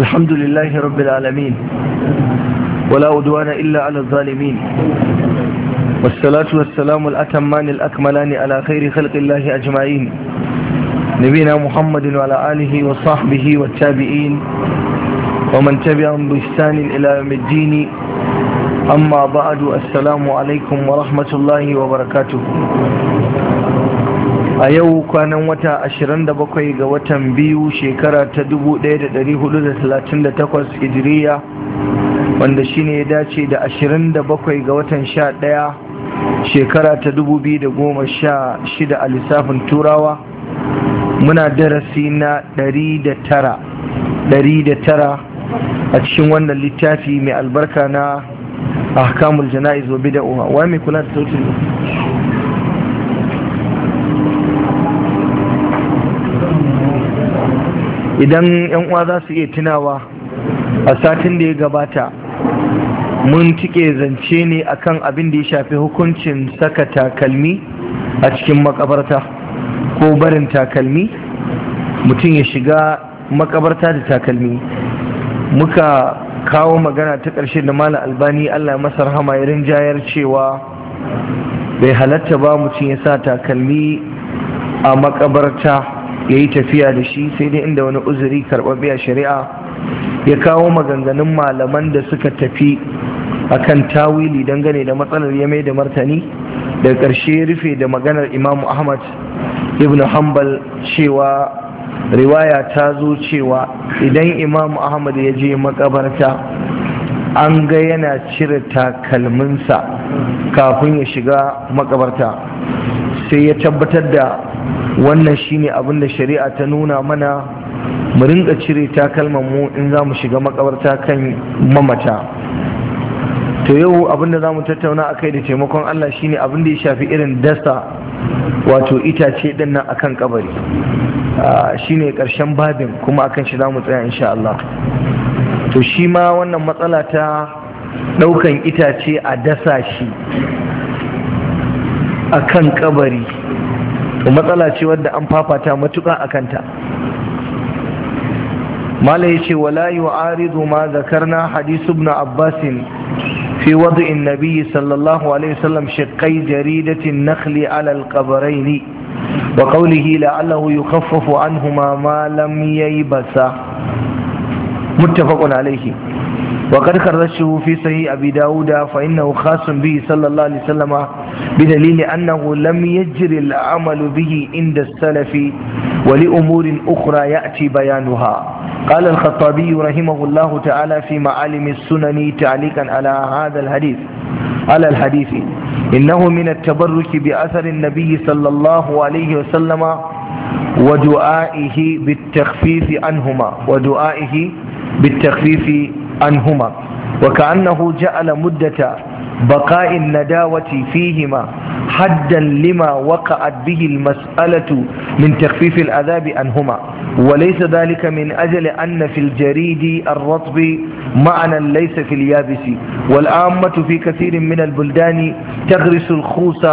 الحمد لله رب العالمين ولا أدوان إلا على الظالمين والصلاة والسلام الأتمان الأكملان على خير خلق الله أجمعين نبينا محمد وعلى آله وصحبه والتابعين ومن تبعهم بإحسان إلى يوم الدين أما بعد السلام عليكم ورحمة الله وبركاته a yau kwanan wata 27 ga watan biyu shekara ta 1438 hijiriya wanda shine ya dace da 27 ga watan 11 shekara ta 2016 a lissafin turawa muna darasi na 109 a cikin wannan littafi mai albarka na ahkamul jana'iz wa bida'uha wa mai kula da sautin idan yan uwa za su iya tunawa a satin da ya gabata mun tike zance ne akan abin da ya shafi hukuncin saka takalmi a cikin makabarta ko barin takalmi mutum ya shiga makabarta da takalmi muka kawo magana ta ƙarshe da mala albani allah masar hama irin jayar cewa bai halatta ba mutum ya sa takalmi a makabarta ya yi tafiya da shi sai dai inda wani uzuri karɓar biya shari'a ya kawo maganganun malaman da suka tafi a kan tawili dangane da matsalar ya mai da martani daga ƙarshe rufe da maganar Imam ahmad ibn hanbal cewa riwaya ta zo cewa idan Imam ahmad ya je makabarta an ga yana cire takalminsa kafin ya shiga makabarta sai ya tabbatar da wannan shine abin da shari'a ta nuna mana mu rinka cire takalman mu in za mu shiga makabarta kan mamata to yau abin da za mu tattauna a kai da taimakon Allah shine abin da ya shafi irin dasa wato itace din nan kan kabari shine karshen babin kuma akan shi za mu tsaya insha Allah to shi ma wannan matsala ta daukan itace a dasa shi a kan kabari matsala ce wadda an fafata matuka a kanta mala ya ce wala yi aridu ma zakarna hadisu ibn abbasin fi wadu in nabi sallallahu alaihi wasallam shakai jaridatin nakhli alal kabarai ne wa kaulihi la'allahu yukhaffafu anhuma ya yi basa. muttafaqun alaihi وقد خرجه في صحيح Abi, داود فإنه خاص به صلى الله عليه وسلم بدليل أنه لم يجري العمل به عند السلف ولأمور أخرى يأتي بيانها قال الخطابي رحمه الله تعالى في معالم السنن تعليقا على هذا الحديث على الحديث إنه من التبرك بأثر النبي صلى الله عليه وسلم ودعائه بالتخفيف عنهما ودعائه بالتخفيف عنهما وكأنه جعل مدة بقاء النداوة فيهما حدا لما وقعت به المسألة من تخفيف العذاب عنهما وليس ذلك من أجل أن في الجريد الرطب معنى ليس في اليابس والعامة في كثير من البلدان تغرس الخوص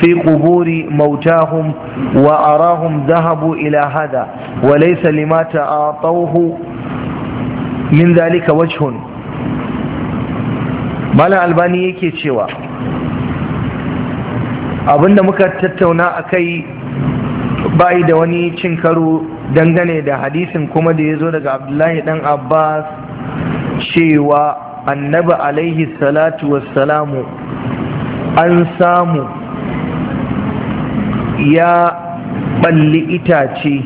في قبور موتاهم وأراهم ذهبوا إلى هذا وليس لما تعاطوه من ذلك وجه malam albani yake cewa abinda muka tattauna a kai bayi da wani cin karo dangane da hadisin kuma da ya zo daga abdullahi dan abbas cewa annabi alaihi salatu wassalamu an samu ya balli itace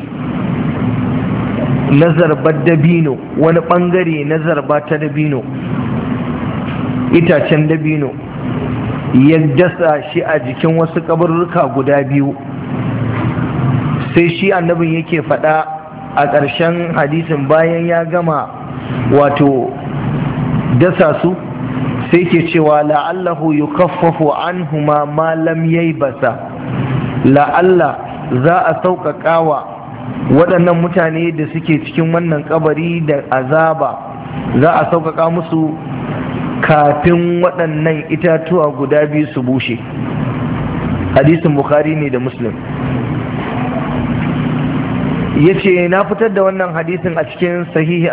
na zarbar dabino wani bangare na zarba ta dabino itacen dabino ya dasa shi a jikin wasu ƙabarruka guda biyu sai shi annabin yake faɗa a ƙarshen hadisin bayan ya gama wato dasa su sai ke cewa la'allahu yukaffafu anhuma ya yi basa la'alla za a sauƙaƙa wa waɗannan mutane da suke cikin wannan ƙabari da azaba za a sauƙaƙa musu kafin waɗannan itatuwa guda biyu su bushe hadisin bukhari ne da muslim ya ce na fitar da wannan hadisin a cikin sahihi